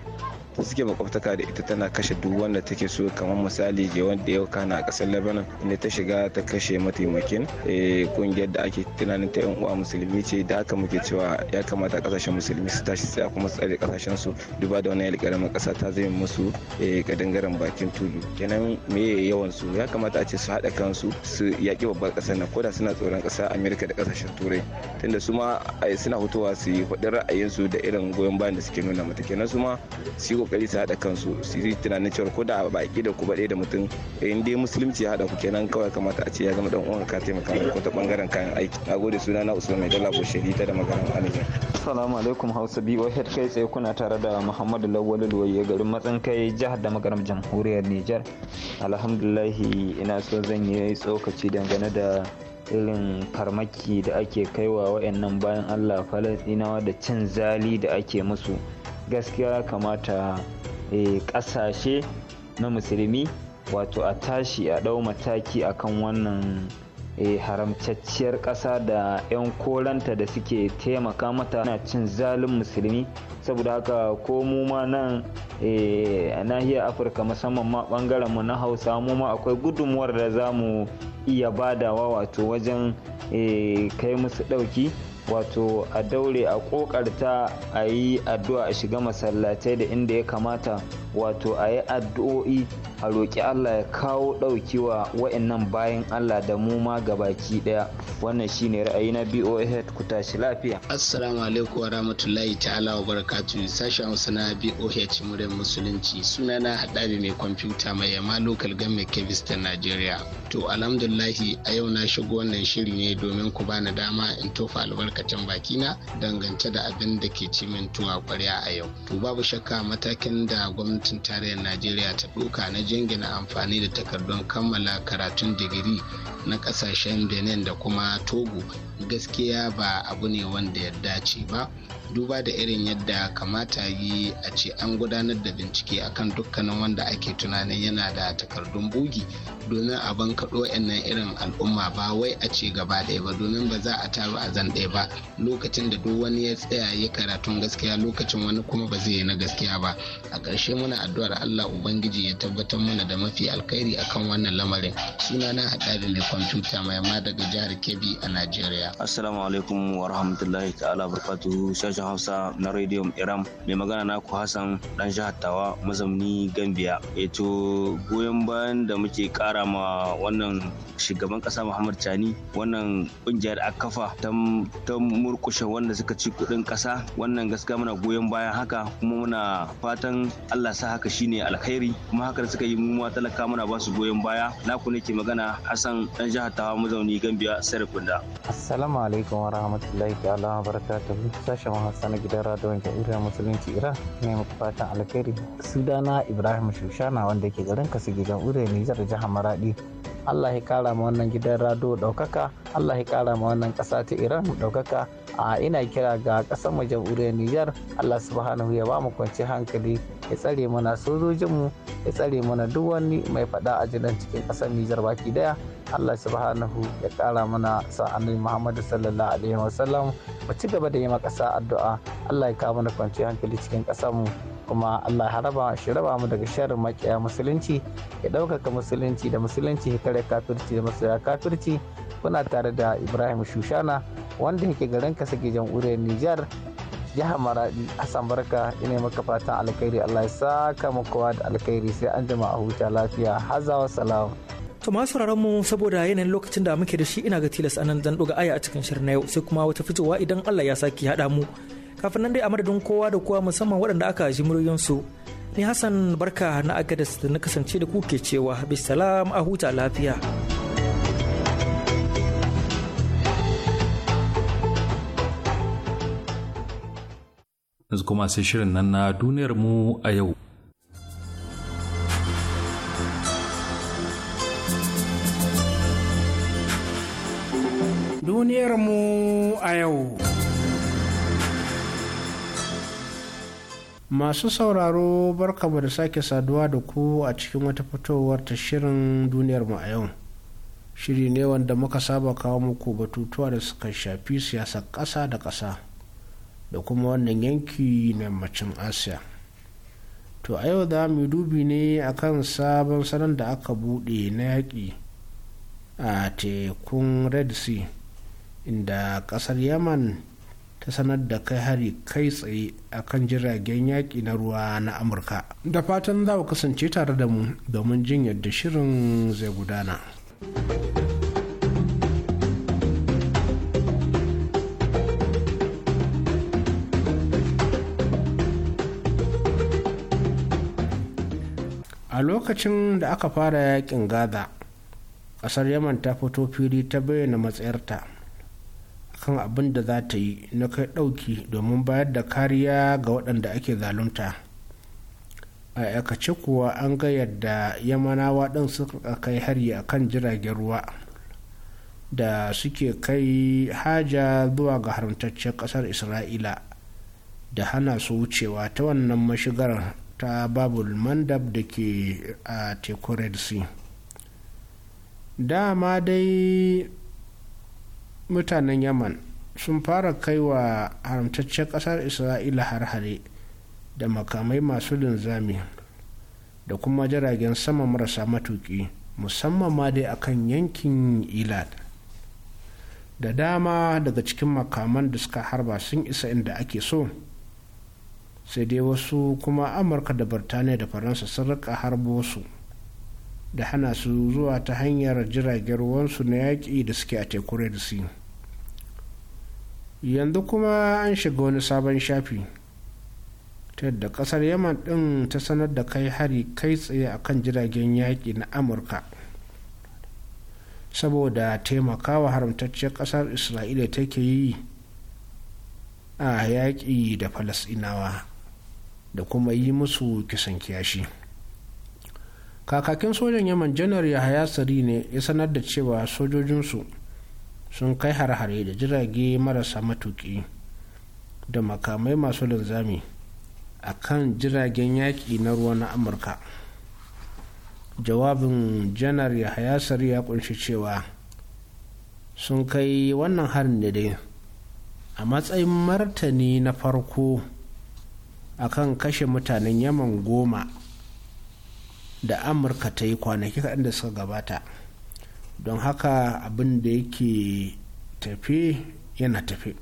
suke makwabtaka da ita tana kashe duk wanda take so kamar misali je wanda yau kana a kasar lebanon inda ta shiga ta kashe mataimakin kungiyar eh, da ake tunanin ta yan uwa musulmi ce da haka muke cewa ya kamata kasashen musulmi su tashi tsaya kuma su tsare kasashen su duba da wani alƙaramin kasa ta zai musu kadangaren eh, bakin tudu kenan me yawan su ya kamata a ce su haɗa kansu su yaƙi babbar ƙasar nan koda suna tsoron ƙasar amerika da ƙasashen turai tunda su ma eh, suna hutuwa su yi faɗin ra'ayinsu da irin goyon bayan da suke nuna mata kenan su ma su kokari su haɗa kansu su yi tunanin cewa ko da baki da ku da mutum eh, in dai musulunci ya haɗa ku kenan kawai kamata a ce ya zama dan uwan ka taimaka mai ko ta bangaren kayan aiki gode suna na usman mai dala bushari ta da magana alija assalamu alaikum hausa biyu kai tsaye kuna tare da muhammadu lawal luwaye garin matsan kai jihar da magaram jamhuriyar nijar alhamdulahi ina so zan yi tsokaci dangane da irin farmaki da ake kaiwa wa'annan bayan allah falastinawa da cin zali da ake musu gaskiya kamata eh, ƙasashe na musulmi wato a tashi a ɗau mataki akan wannan eh, haramtacciyar ƙasa da 'yan koranta da suke taimaka mata na cin zalin musulmi saboda haka ko mu ma nan eh, a nahiyar afirka musamman ma bangaren mu na hausa mu ma akwai gudunmuwar da za mu iya badawa wato wajen kai musu ɗauki wato a daure a kokarta a yi addu'a a shiga masallatai da inda ya kamata wato a yi addu'o'i a roƙi Allah ya kawo ɗauki wa wa'annan bayan Allah da mu ma ga baki ɗaya wannan shine ra'ayi na BOH ku tashi lafiya assalamu alaikum wa rahmatullahi ta'ala wa barakatuhu sashen Hausa na BOH muryar musulunci sunana haɗari mai kwamfuta mai yama local government ta Najeriya to alhamdulillahi a yau na shigo wannan shiri ne domin ku bani dama in tofa albarkacin bakina dangance da abin da ke ci min tuwa kwarya a yau to babu shakka matakin da gwamnatin tarayyar Najeriya ta ɗauka na jingina amfani da takardun kammala karatun digiri na kasashen benin da kuma togo gaskiya ba abu ne wanda ya dace ba duba da irin yadda kamata yi a ce an gudanar da bincike akan dukkanin wanda ake tunanin yana da takardun bugi domin a bankaɗo nan irin al'umma ba wai a ce gaba ɗaya ba domin ba za a taru a zan ɗaya ba lokacin da duk wani ya tsaya ya karatun gaskiya lokacin wani kuma ba zai yi na gaskiya ba a ƙarshe muna addu'ar allah ubangiji ya tabbatar gabatar mana da mafi alkhairi akan wannan lamarin suna na haɗa da mai kwamfuta mai ma daga jihar kebbi a nigeria. assalamu alaikum wa rahmatullahi ta'ala barkatu shashin hausa na radio iram mai magana naku hassan dan jihar tawa mazamni gambia eto eh goyon bayan da muke kara ma wannan shugaban kasa muhammad chani wannan kungiyar a kafa ta murkushe wanda suka ci kuɗin kasa wannan gaskiya muna goyon bayan haka kuma muna fatan allah sa haka shine alkhairi kuma haka suka kokari mu ma talaka muna ba su goyon baya na ku nake magana Hassan ɗan jihar Tawa mazauni Gambia Sarkunda Assalamu alaikum wa rahmatullahi ta'ala wa barakatuhu sashen Hassan na gidan radon Ira Musulunci Iran ne muku fatan alheri Sudana Ibrahim Shushana wanda yake garin Kasu gidan Ure Nijar jihar Maradi Allah ya kara ma wannan gidan rado daukaka Allah ya kara ma wannan kasa ta Iran ɗaukaka a ina kira ga ƙasar mu jamhuriyar Nijar Allah subhanahu ya ba mu kwanci hankali ya tsare mana sojojinmu ya tsare mana duk wani mai fada a jidan cikin kasar Nijar baki daya Allah subhanahu ya kara mana sa annabi Muhammadu sallallahu alaihi wasallam mu ci gaba da yi makasa addu'a Allah ya kawo mana kwanci hankali cikin kasar mu kuma Allah ya haraba shi raba mu daga sharri makiya musulunci ya ɗaukaka musulunci da musulunci ya kare kafirci da masoya kafirci kuna tare da Ibrahim Shushana wanda yake garin kasa sake jamhuriyar Nijar jihar Maradi asan Barka ina maka fatan alkhairi Allah ya saka kowa da alkhairi sai an jama'a huta lafiya wa salam To masu mu saboda yanayin lokacin da muke da shi ina ga tilas anan zan doga aya a cikin shirin na yau sai kuma wata fitowa idan Allah ya saki haɗa mu. Kafin nan dai a madadin kowa da kowa musamman waɗanda aka ji muryoyinsu. Ni Hassan Barka na Agadas da na kasance da ku ke cewa bisalam a huta lafiya. yanzu kuma sai shirin nan na duniyar mu a yau. Duniyar mu a yau. Masu sauraro barkamu da sake saduwa da ku a cikin wata fitowar ta shirin duniyar mu a yau. Shiri ne wanda muka saba kawo muku batutuwa da suka shafi siyasar ƙasa da ƙasa. da kuma wannan yanki na yammacin asiya to a yau za mu dubi ne akan sabon sanar da aka buɗe na yaƙi a tekun red sea inda ƙasar yaman ta sanar da kai hari kai tsaye a kan jiragen yaƙi na ruwa na amurka da fatan za kasance tare da mu domin jin yadda shirin zai gudana. lokacin da aka fara yakin gaza kasar yaman ta fito fili ta bayyana matsayarta kan abin da za ta yi na kai ɗauki domin bayar da kariya ga waɗanda ake zalunta a aikace kuwa an ga yadda yamanawa ɗin suka kai hari a kan jiragen ruwa da suke kai haja zuwa ga haramtaccen ƙasar isra'ila da hana su wucewa ta wannan mashigar ta babul mandab da ke a teku red sea dama dai mutanen yaman sun fara kaiwa haramtaccen kasar isra'ila har-hare da makamai masu linzami da kuma jiragen sama marasa matuki musamman ma dai akan yankin ilad da dama daga cikin makaman da suka harba sun isa inda ake so sai dai wasu kuma amurka da birtaniya da faransa sun rika harbo su da hana su zuwa ta hanyar jiragen ruwansu na yaƙi da suke a teku red sea yanzu kuma an shiga wani sabon shafi ta yadda kasar yaman din ta sanar da kai hari kai tsaye a kan jiragen yaƙi na amurka saboda taimakawa haramtacciyar kasar isra'ila take yi a yaƙi da falasinawa da kuma yi musu kisan kiyashi kakakin sojan yaman janar yahaya sari ne ya sanar da cewa sojojinsu sun kai har-hare da jirage marasa matuki da makamai masu linzami a kan jiragen yaƙi na ruwa na amurka jawabin janar yahaya sari ya kunshi cewa sun kai wannan harin da dai a matsayin martani na farko akan kashe mutanen yaman goma da amurka ta yi kwanaki kaɗan da suka gabata don haka abin da yake tafe yana tafe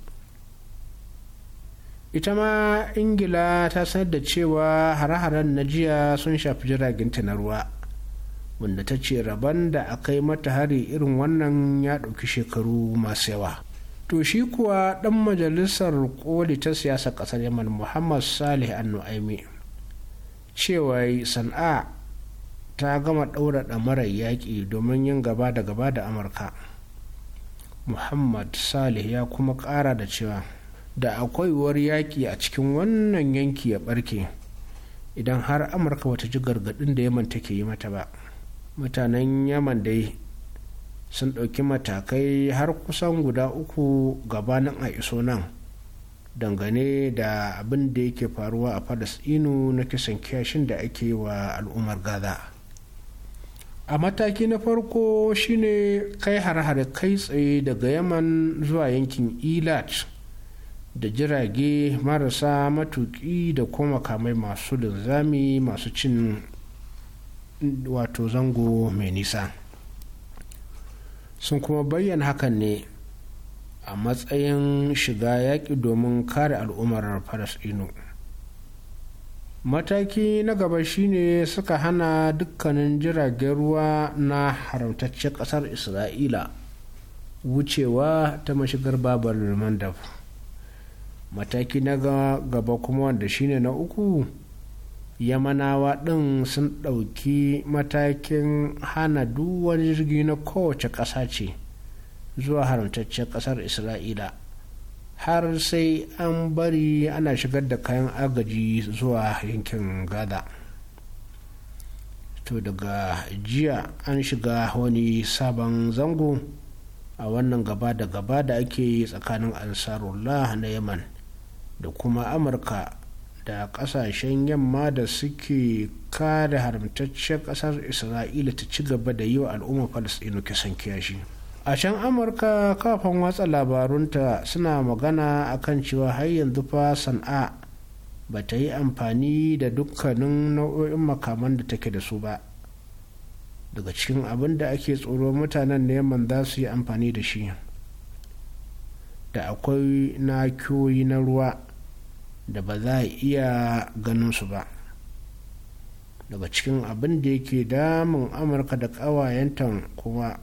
ita ma ingila ta sanar da cewa hare-haren na jiya sun shafi jiraginta na ruwa wanda ta ce rabon da aka yi mata hari irin wannan ya ɗauki shekaru masu yawa to shi kuwa ɗan majalisar koli ta siyasar ƙasar yaman muhammad salih annu'aimi cewa sana'a ta gama ɗaura ɗamarar yaƙi domin yin gaba da gaba da amurka muhammad salih ya kuma ƙara da cewa da akwai war yaƙi a cikin wannan yanki ya ɓarke idan har amurka wata ji gargaɗin da yaman take yi mata ba mutanen yaman dai sun ɗauki matakai har kusan guda uku gabanin a iso nan dangane da abin da yake faruwa a inu na kisan kiyashin da ake wa al'ummar gaza a mataki na farko shine kai har har kai tsaye daga yaman zuwa yankin ilat da jirage marasa matuki da kuma kamai masu linzami masu cin wato zango mai nisa sun kuma bayyana hakan ne a matsayin shiga yaƙi domin kare al'ummar falasɗinu mataki na gaba shine suka hana dukkanin jiragen ruwa na haramtaccen ƙasar isra'ila wucewa ta mashigar babal mandab mataki na gaba kuma wanda shine na uku yamanawa ɗin sun ɗauki matakin hana duk wani jirgi na kowace ƙasa ce zuwa haramtaccen ƙasar isra'ila har sai an bari ana shigar da kayan agaji zuwa yankin gaza to daga jiya an shiga wani sabon zango a wannan gaba da gaba da ake yi tsakanin ansarullah na yaman da kuma amurka da kasashen yamma da suke kare haramtaccen kasar isra'ila ta ci gaba da yi wa al'ummar falasɗinu kisan kiyashi a can amurka kafin watsa labarunta suna magana akan cewa har yanzu fa sana'a ba ta yi amfani da dukkanin nau'o'in makaman da take da su ba daga cikin abin da ake tsoro mutanen neman za su yi amfani da shi da akwai nakiyoyi na ruwa da ba za a iya ganin su ba daga cikin abin da yake damun amurka da ƙawayenta kuma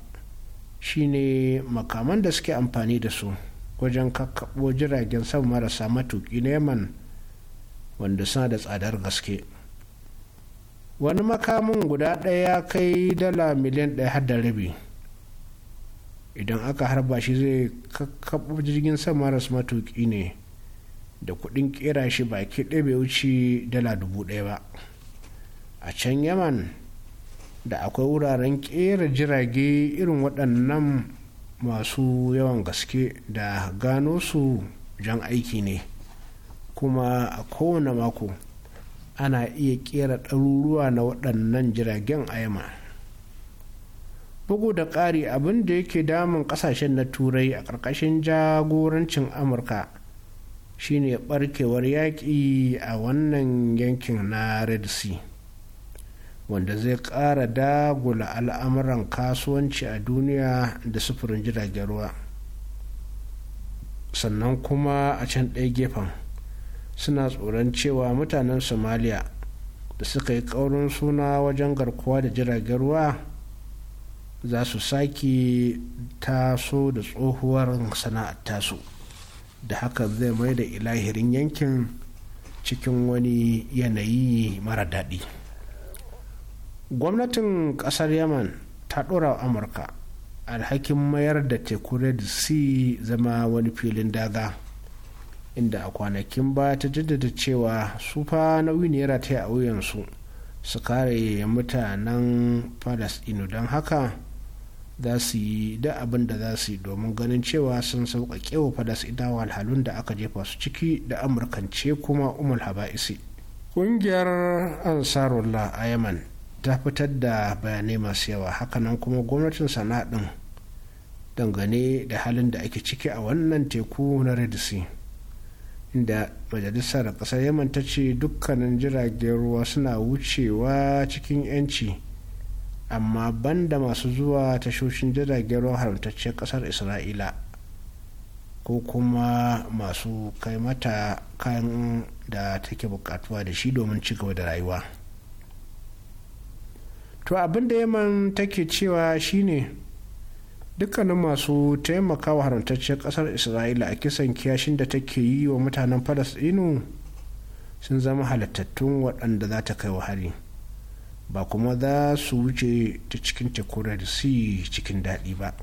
shine makaman da suke amfani da su wajen kakkaɓo jiragen sama marasa matuƙi na yaman wanda suna da tsadar gaske wani makamin guda ɗaya ya kai dala miliyan ɗaya har da rabi idan aka harba shi zai kakkaɓo jirgin sama marasa matuƙi ne da kudin kera shi baki ɗaya bai wuce dala dubu ɗaya ba a can yaman da akwai wuraren kera jirage irin waɗannan masu yawan gaske da gano su jan aiki ne kuma a kowane mako ana iya kera ɗaruruwa na waɗannan jiragen a yama bugu da ƙari abin da yake damun ƙasashen na turai a ƙarƙashin jagorancin amurka shine barkewar yaƙi a wannan yankin na red sea wanda zai ƙara dagula al'amuran kasuwanci a duniya da sufurin jiragen ruwa sannan kuma a can ɗaya gefen suna tsoron cewa mutanen somalia da suka yi ƙaurin suna wajen garkuwa da jiragen ruwa za su sake taso da tsohuwar sana'ar tasu. da haka zai mai da ilahirin yankin cikin wani yanayi mara daɗi gwamnatin ƙasar yaman ta ɗora amurka alhakin mayar da teku red sea zama wani filin daga inda a kwanakin ba ta jaddada cewa su fa nauyi ne rataya a wuyansu su kare mutanen palestino don haka za su yi da abin da za su yi domin ganin cewa sun sauƙaƙe wa falasɗinawa alhalun da aka jefa su ciki da amurkance kuma umul haba'isi ƙungiyar ansarullah a yaman ta fitar da bayanai masu yawa hakanan kuma gwamnatin sana'a ɗin dangane da halin da ake ciki a wannan teku na red inda majalisar ƙasar yaman ta ce dukkanin jiragen ruwa suna wucewa cikin 'yanci amma banda masu zuwa tashoshin jiragen ruwan haramtacciyar kasar isra'ila ko kuma masu kai mata kayan da take bukatuwa da shi domin ci gaba da rayuwa to abin da yaman take cewa shine dukkanin masu taimaka wa haramtacciyar kasar isra'ila a kisan kiyashin da take yi wa mutanen falasɗinu sun zama halittattun waɗanda za ta kai wa hari ba kuma za su wuce ta cikin teku red cikin daɗi ba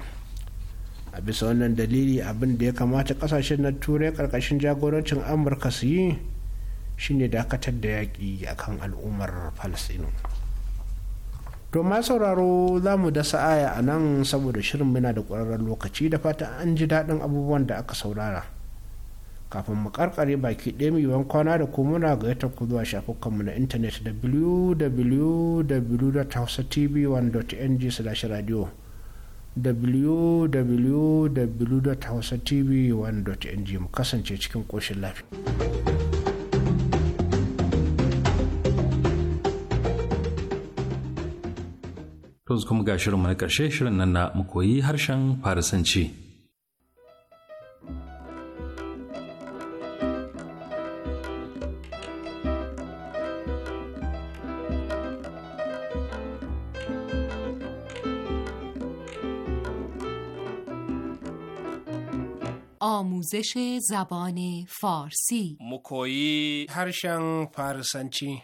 a bisa wannan dalili abin da ya kamata kasashen na turai karkashin jagorancin amurka su yi shine dakatar da yaƙi a kan al'ummar falasino to ma sauraro za mu da sa'aya a nan saboda shirin muna da ƙwararren lokaci da fata an ji daɗin abubuwan da aka saurara. kafin mu karkare baki ɗaya yiwuwan kwana da ku muna ga ta ku zuwa shafukanmu na intanet www.hausatv1.ng slash radio www.hausatv1.ng mu kasance cikin ƙoshin lafiya. Tozu kuma ga shirin na ƙarshe shirin nan na makoyi harshen Farisanci. آموزش زبان فارسی مکویی هرشن فارسنچی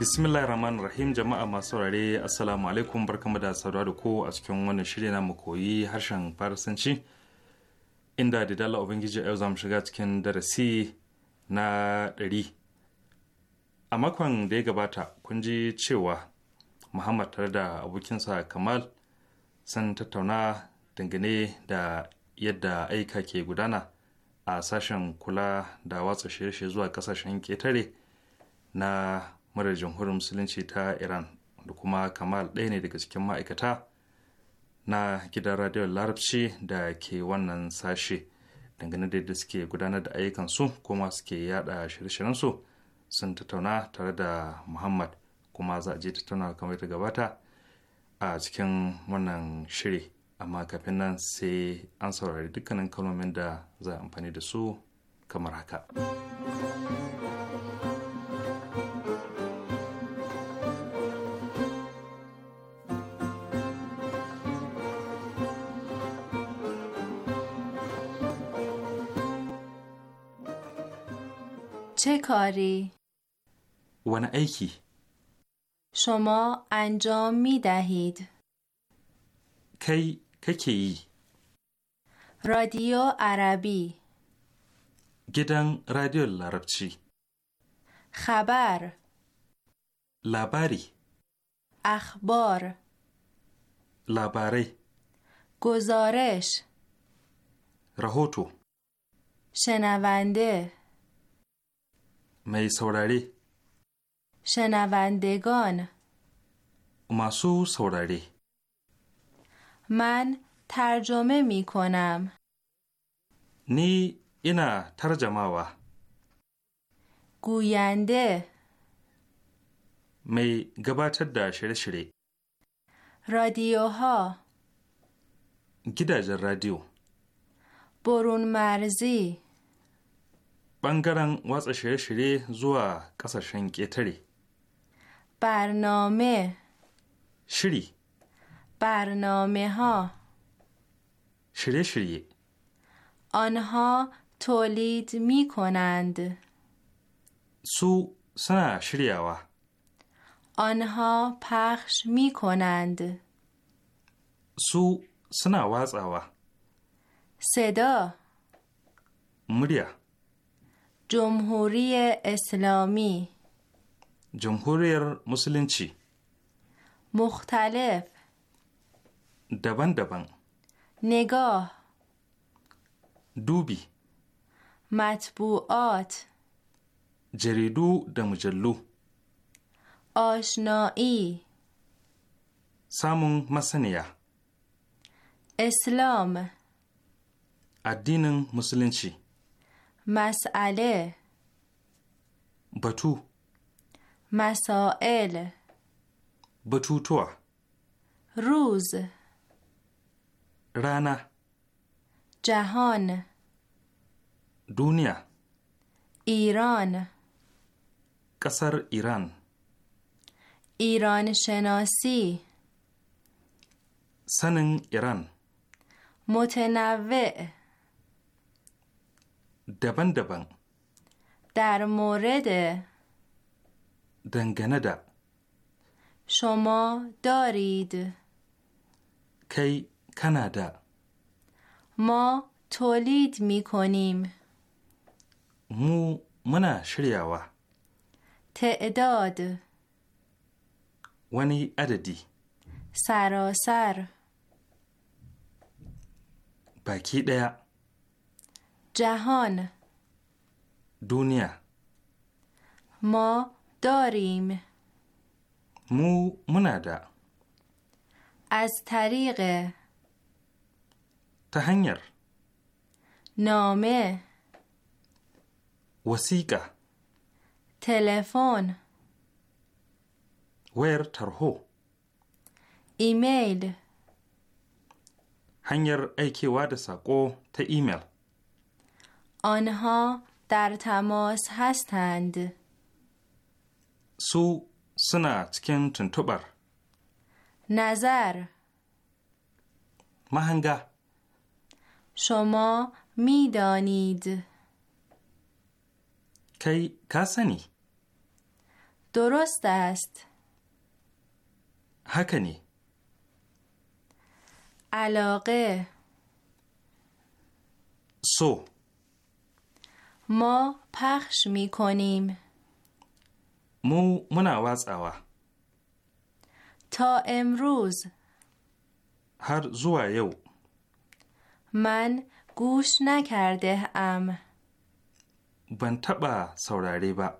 bismillahir rahman rahim jama'a masu saurare assalamu alaikum barkamu da saurara da ko a cikin wannan shirya na mu koyi harshen farisanci inda da dala ubangiji yau za shiga cikin darasi na ɗari a makon da ya gabata kun ji cewa muhammad tare da abokinsa kamal sun tattauna dangane da yadda aika ke gudana a sashen kula da watsa shirye-shirye zuwa kasashen ketare na murar jamhuriyar musulunci ta iran da kuma kamal ɗaya ne daga cikin ma'aikata na gidan radiyon larabci da ke wannan sashe dangane da yadda suke gudanar da ayyukansu kuma suke yada shirye-shiryensu sun tattauna tare da muhammad kuma za a je tattauna kamar ta gabata a cikin wannan shiri amma kafin nan sai an saurari dukkanin kalmomin da za a amfani da su kamar haka. چه کاری؟ ایکی شما انجام می دهید کی کی رادیو عربی گیدن رادیو لربچی خبر لبری اخبار لبری گزارش رهوتو شنونده می شنوندگان ماسو سوراری من ترجمه می کنم نی اینا ترجمه و گوینده می گباتر دا شده شده رادیوها گیداج رادیو برون مرزی بانگران واسه شده زوا قصه شنگی تری برنامه شری برنامه ها شری شری آنها تولید می کنند سو سنا شری آنها پخش می کنند سو سنا واز صدا مریا جمهوری اسلامی جمهوریر مسلمچی مختلف دبن دبن نگاه دوبی مطبوعات جریدو دمجلو مجلو آشنایی سامون مسنیه اسلام ادین مسلمچی، مساله، بطو مسائل بطوتوع روز رانا جهان دنیا ایران قصر ایران ایران شناسی سنن ایران متنوع دبن دبن در مورد dangane شما دارید کی کانادا ما تولید می کنیم مو منا شریعوا تعداد ونی عددی سراسر باکی دیا جهان دنیا ما داریم مو منادا از طریق تهنگر نامه وسیقه تلفن ویر ترهو ایمیل هنگر ایکی واد ساقو تا ایمیل آنها در تماس هستند سو سنا چکن تنتبر نظر مهنگه شما میدانید کی کسنی درست است هکنی علاقه سو ما پخش می کنیم مو منا واتساوا تا امروز هر زوا یو من گوش نکرده ام بن تبا با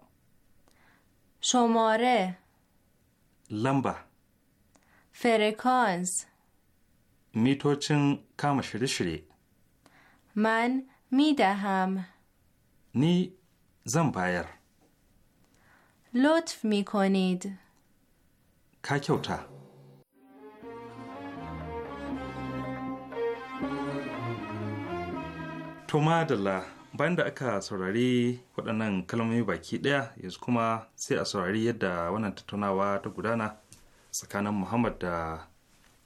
شماره لمبه فرکانس میتوچن کام شده شری؟ من میدهم نی زم بایر لطف می کنید که کیوتا bayan da aka saurari waɗannan kalmomi baki ɗaya yanzu kuma sai a saurari yadda wannan tattaunawa ta gudana tsakanin muhammad da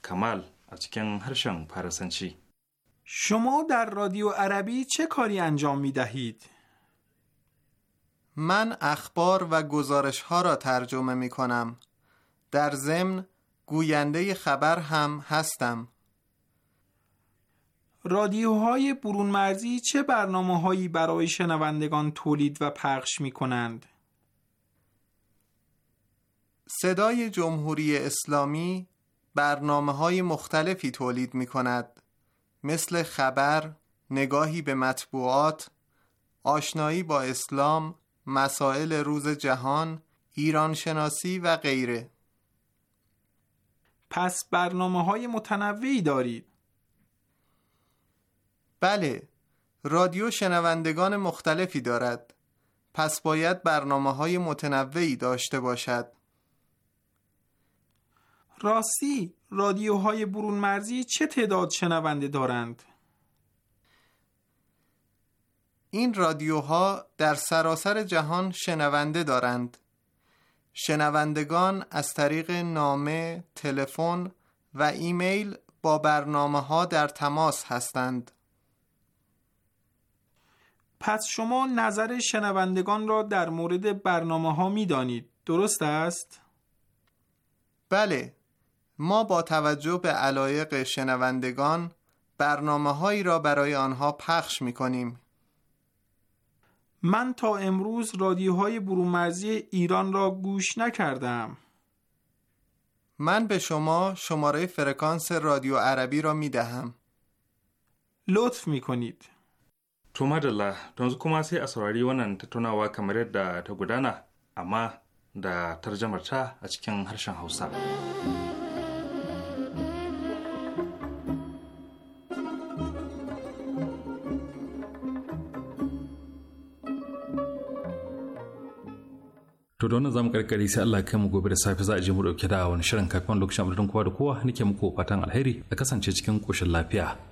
kamal a cikin harshen faransanci. شما در arabi ce چه کاری انجام من اخبار و گزارش ها را ترجمه می کنم. در ضمن گوینده خبر هم هستم. رادیوهای برون مرزی چه برنامه هایی برای شنوندگان تولید و پخش می کنند؟ صدای جمهوری اسلامی برنامه های مختلفی تولید می کند مثل خبر، نگاهی به مطبوعات، آشنایی با اسلام مسائل روز جهان، ایران شناسی و غیره پس برنامه های متنوعی دارید؟ بله، رادیو شنوندگان مختلفی دارد. پس باید برنامه های متنوعی داشته باشد. راستی، رادیوهای برون مرزی چه تعداد شنونده دارند؟ این رادیوها در سراسر جهان شنونده دارند شنوندگان از طریق نامه، تلفن و ایمیل با برنامه ها در تماس هستند پس شما نظر شنوندگان را در مورد برنامه ها می دانید. درست است؟ بله ما با توجه به علایق شنوندگان برنامه هایی را برای آنها پخش می کنیم من تا امروز رادیوهای برومرزی ایران را گوش نکردم من به شما شماره فرکانس رادیو عربی را می دهم لطف می کنید تو مجلل تونز کماسی اصراری ونن تتونا و کمری در اما در ترجمه چه اچکن هرشن حوصا To da wannan zamu karkare sai Allah kai mu gobe da safe za a je mu dauke da wani shirin kafin lokacin abudin kowa da kowa nake muku fatan alheri a kasance cikin koshin lafiya.